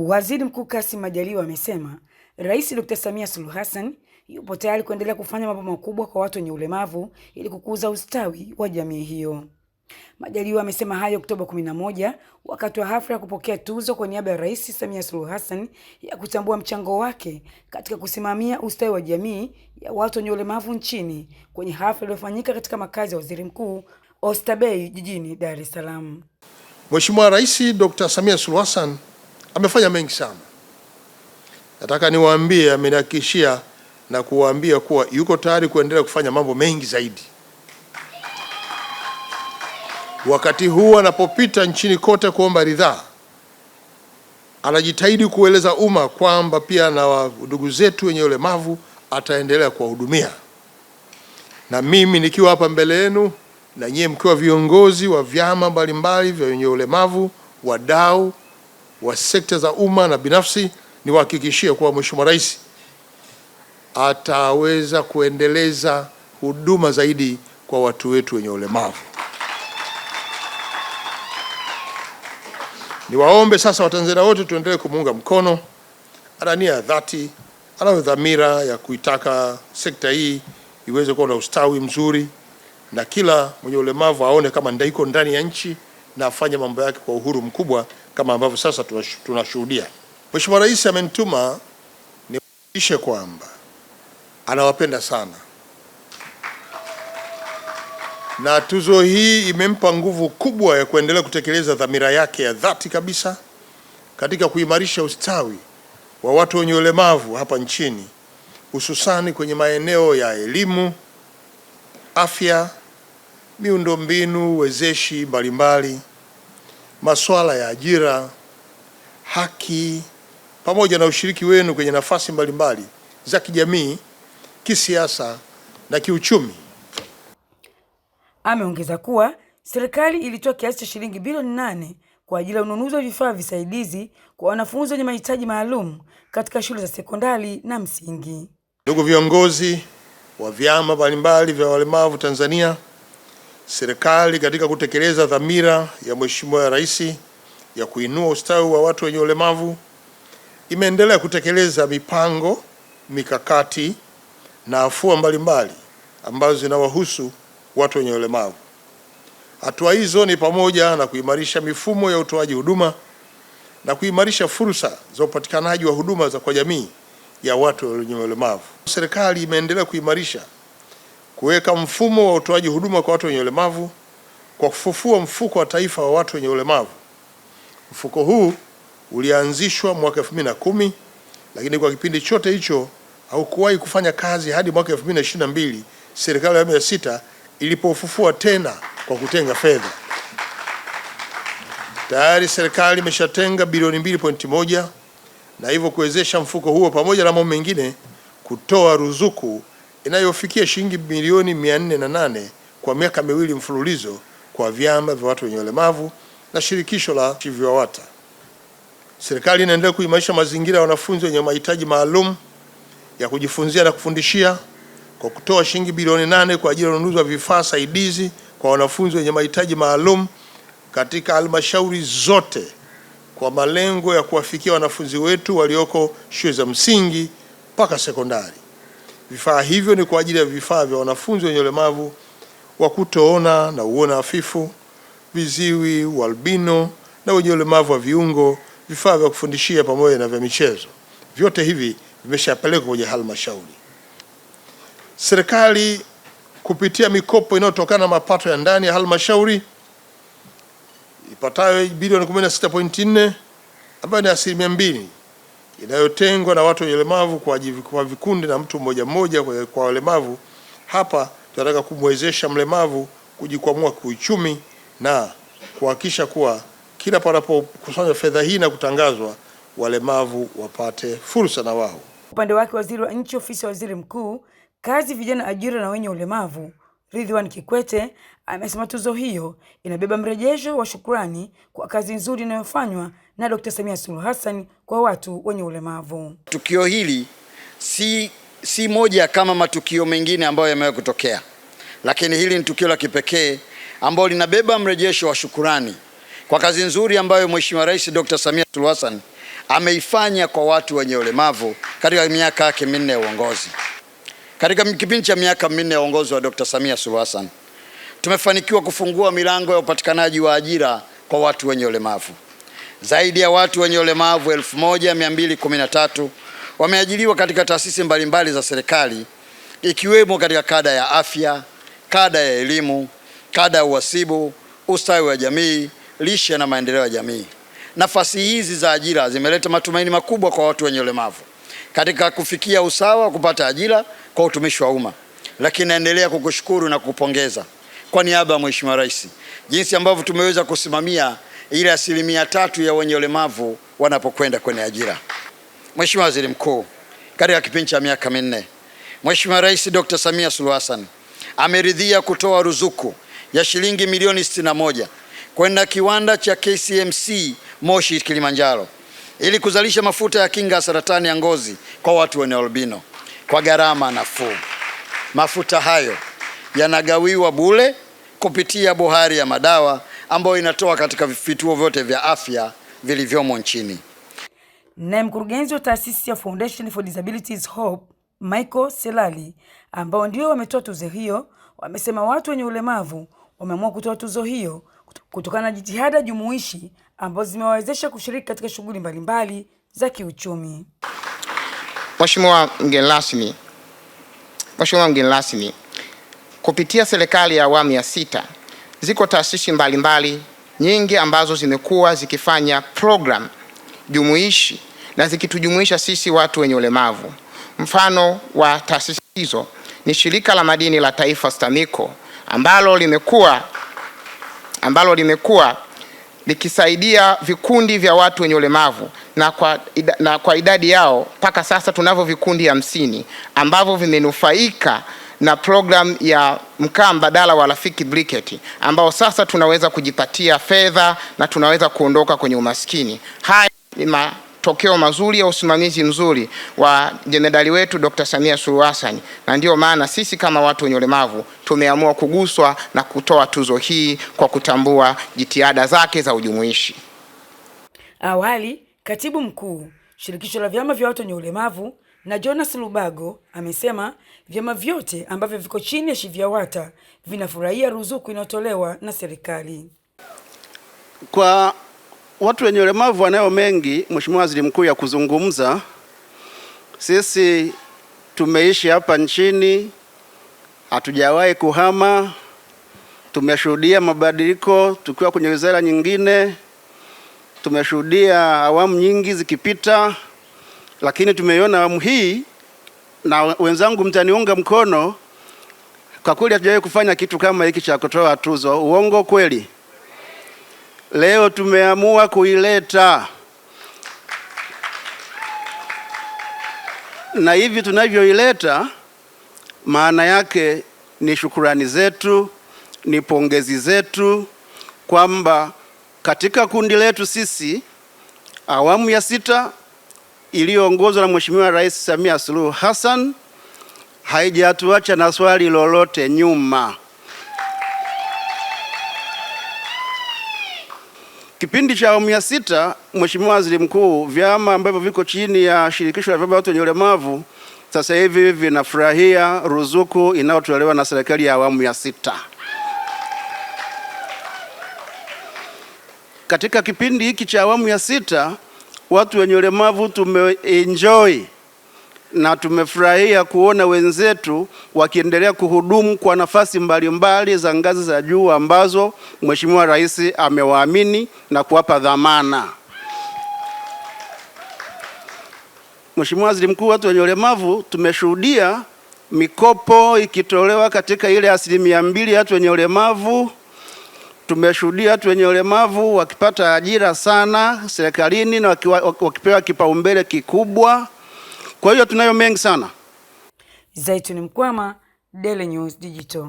Waziri Mkuu Kassim Majaliwa amesema Rais Dr. Samia Suluhu Hassan yupo tayari kuendelea kufanya mambo makubwa kwa watu wenye ulemavu ili kukuza ustawi wa jamii hiyo. Majaliwa amesema hayo Oktoba 11 wakati wa hafla ya kupokea tuzo kwa niaba ya Rais Samia Suluhu Hassan ya kutambua mchango wake katika kusimamia ustawi wa jamii ya watu wenye ulemavu nchini kwenye hafla iliyofanyika katika makazi ya Waziri Mkuu Oysterbay jijini Dar es Salaam. Mheshimiwa Rais Dr. Samia Suluhu Hassan amefanya mengi sana. Nataka niwaambie, amenihakikishia na kuwaambia kuwa yuko tayari kuendelea kufanya mambo mengi zaidi. Wakati huu anapopita nchini kote kuomba ridhaa, anajitahidi kueleza umma kwamba pia na ndugu zetu wenye ulemavu ataendelea kuwahudumia. Na mimi nikiwa hapa mbele yenu na nyie mkiwa viongozi wa vyama mbalimbali vya wenye ulemavu, wadau wa sekta za umma na binafsi, niwahakikishie kuwa Mheshimiwa Rais ataweza kuendeleza huduma zaidi kwa watu wetu wenye ulemavu. Niwaombe sasa Watanzania wote tuendelee kumuunga mkono. Ana nia ya dhati, anayo dhamira ya kuitaka sekta hii iweze kuwa na ustawi mzuri, na kila mwenye ulemavu aone kama ndaiko ndani ya nchi na afanye mambo yake kwa uhuru mkubwa kama ambavyo sasa tunashuhudia. Mheshimiwa Rais amenituma niwahakikishe kwamba anawapenda sana na tuzo hii imempa nguvu kubwa ya kuendelea kutekeleza dhamira yake ya dhati kabisa katika kuimarisha ustawi wa watu wenye ulemavu hapa nchini, hususani kwenye maeneo ya elimu, afya, miundombinu wezeshi mbalimbali masuala ya ajira, haki, pamoja na ushiriki wenu kwenye nafasi mbalimbali za kijamii, kisiasa na kiuchumi. Ameongeza kuwa serikali ilitoa kiasi cha shilingi bilioni nane kwa ajili ya ununuzi wa vifaa visaidizi kwa wanafunzi wenye mahitaji maalum katika shule za sekondari na msingi. Ndugu viongozi wa vyama mbalimbali vya walemavu Tanzania Serikali katika kutekeleza dhamira ya Mheshimiwa Rais ya kuinua ustawi wa watu wenye ulemavu imeendelea kutekeleza mipango, mikakati na afua mbalimbali ambazo zinawahusu watu wenye ulemavu. Hatua hizo ni pamoja na kuimarisha mifumo ya utoaji huduma na kuimarisha fursa za upatikanaji wa huduma za kwa jamii ya watu wenye ulemavu. Serikali imeendelea kuimarisha kuweka mfumo wa utoaji huduma kwa watu wenye ulemavu kwa kufufua mfuko wa taifa wa watu wenye ulemavu. Mfuko huu ulianzishwa mwaka kumi lakini kwa kipindi chote hicho haukuwahi kufanya kazi hadi mwaka mbili serikali ya awamu ya sita ilipofufua tena kwa kutenga fedha. Tayari serikali imeshatenga bilioni moja na hivyo kuwezesha mfuko huo pamoja na mambo mengine kutoa ruzuku inayofikia shilingi milioni mia nne na nane kwa miaka miwili mfululizo kwa vyama vya watu wenye ulemavu na shirikisho la CHIVIWAWATA. Serikali inaendelea kuimarisha mazingira ya wanafunzi wenye mahitaji maalum ya kujifunzia na kufundishia kwa kutoa shilingi bilioni nane kwa ajili ya ununuzi wa vifaa saidizi kwa wanafunzi wenye mahitaji maalum katika halmashauri zote kwa malengo ya kuwafikia wanafunzi wetu walioko shule za msingi mpaka sekondari. Vifaa hivyo ni kwa ajili ya vifaa vya wanafunzi wenye ulemavu wa kutoona na uona hafifu, viziwi, ualbino na wenye ulemavu wa viungo, vifaa vya kufundishia pamoja na vya michezo. Vyote hivi vimeshapelekwa kwenye halmashauri. Serikali kupitia mikopo inayotokana na mapato ya ndani ya halmashauri ipatayo bilioni 16.4 ambayo ni asilimia mbili inayotengwa na watu wenye ulemavu kwa, kwa vikundi na mtu mmoja mmoja kwa walemavu. Hapa tunataka kumwezesha mlemavu kujikwamua kiuchumi na kuhakikisha kuwa kila panapokusanywa fedha hii na kutangazwa, walemavu wapate fursa na wao. Upande wake waziri wa nchi ofisi ya waziri mkuu, kazi, vijana, ajira na wenye ulemavu Ridhiwani Kikwete amesema tuzo hiyo inabeba mrejesho wa shukrani kwa kazi nzuri inayofanywa na Dkt. Samia Suluhu Hassan kwa watu wenye ulemavu. Tukio hili si, si moja kama matukio mengine ambayo yamewahi kutokea, lakini hili ni tukio la kipekee ambalo linabeba mrejesho wa shukurani kwa kazi nzuri ambayo Mheshimiwa Rais Dkt. Samia Suluhu Hassan ameifanya kwa watu wenye ulemavu katika miaka yake minne ya uongozi. Katika kipindi cha miaka minne ya uongozi wa Dkt. Samia Suluhu Hassan tumefanikiwa kufungua milango ya upatikanaji wa ajira kwa watu wenye ulemavu. Zaidi ya watu wenye ulemavu 1213 wameajiriwa katika taasisi mbalimbali za serikali ikiwemo katika kada ya afya, kada ya elimu, kada ya uhasibu, ustawi wa jamii, lishe na maendeleo ya jamii. Nafasi hizi za ajira zimeleta matumaini makubwa kwa watu wenye ulemavu katika kufikia usawa wa kupata ajira kwa utumishi wa umma. Lakini naendelea kukushukuru na kukupongeza kwa niaba ya Mheshimiwa Rais jinsi ambavyo tumeweza kusimamia ili asilimia tatu ya wenye ulemavu wanapokwenda kwenye ajira. Mheshimiwa Waziri Mkuu, katika kipindi cha miaka minne Mheshimiwa Rais Dr. Samia Suluhu Hassan ameridhia kutoa ruzuku ya shilingi milioni 61 kwenda kiwanda cha KCMC Moshi Kilimanjaro ili kuzalisha mafuta ya kinga ya saratani ya ngozi kwa watu wenye albino kwa gharama nafuu. Mafuta hayo yanagawiwa bule kupitia bohari ya madawa ambayo inatoa katika vituo vyote vya afya vilivyomo nchini. Naye mkurugenzi wa taasisi ya Foundation for Disabilities Hope Michael Selali, ambao ndio wametoa tuzo hiyo, wamesema watu wenye ulemavu wameamua kutoa tuzo hiyo kutokana na jitihada jumuishi ambazo zimewawezesha kushiriki katika shughuli mbalimbali za kiuchumi. Mheshimiwa mgeni rasmi, Mheshimiwa mgeni rasmi, kupitia serikali ya awamu ya sita Ziko taasisi mbalimbali nyingi ambazo zimekuwa zikifanya program jumuishi na zikitujumuisha sisi watu wenye ulemavu. Mfano wa taasisi hizo ni shirika la madini la taifa STAMICO ambalo limekuwa ambalo limekuwa likisaidia vikundi vya watu wenye ulemavu na kwa, na kwa idadi yao mpaka sasa tunavyo vikundi hamsini ambavyo vimenufaika na programu ya mkaa mbadala wa Rafiki briketi ambao sasa tunaweza kujipatia fedha na tunaweza kuondoka kwenye umaskini. Haya ni matokeo mazuri ya usimamizi mzuri wa jemedali wetu Dr. Samia Suluhu Hassan, na ndiyo maana sisi kama watu wenye ulemavu tumeamua kuguswa na kutoa tuzo hii kwa kutambua jitihada zake za ujumuishi. Awali, katibu mkuu shirikisho la vyama vya watu wenye ulemavu na Jonas Lubago amesema vyama vyote ambavyo viko chini ya Shivyawata vinafurahia ruzuku inayotolewa na serikali. Kwa watu wenye ulemavu wanayo mengi, Mheshimiwa Waziri Mkuu, ya kuzungumza. Sisi tumeishi hapa nchini, hatujawahi kuhama. Tumeshuhudia mabadiliko tukiwa kwenye wizara nyingine, tumeshuhudia awamu nyingi zikipita lakini tumeiona awamu hii na wenzangu mtaniunga mkono, kwa kweli hatujawahi kufanya kitu kama hiki cha kutoa tuzo. Uongo kweli? Leo tumeamua kuileta na hivi tunavyoileta, maana yake ni shukurani zetu, ni pongezi zetu kwamba katika kundi letu sisi awamu ya sita iliyoongozwa na Mheshimiwa Rais Samia Suluhu Hassan haijatuacha na swali lolote nyuma. Kipindi cha awamu ya sita, Mheshimiwa Waziri Mkuu, vyama ambavyo viko chini ya shirikisho la vyama vya watu wenye ulemavu sasa hivi vinafurahia ruzuku inayotolewa na serikali ya awamu ya sita. Katika kipindi hiki cha awamu ya sita watu wenye ulemavu tumeenjoy na tumefurahia kuona wenzetu wakiendelea kuhudumu kwa nafasi mbalimbali za ngazi za juu ambazo Mheshimiwa Rais amewaamini na kuwapa dhamana. Mheshimiwa Waziri Mkuu, watu wenye ulemavu tumeshuhudia mikopo ikitolewa katika ile asilimia mbili ya watu wenye ulemavu Tumeshuhudia watu wenye ulemavu wakipata ajira sana serikalini na wakipewa kipaumbele kikubwa. Kwa hiyo tunayo mengi sana. Zaituni Mkwama, Daily News Digital.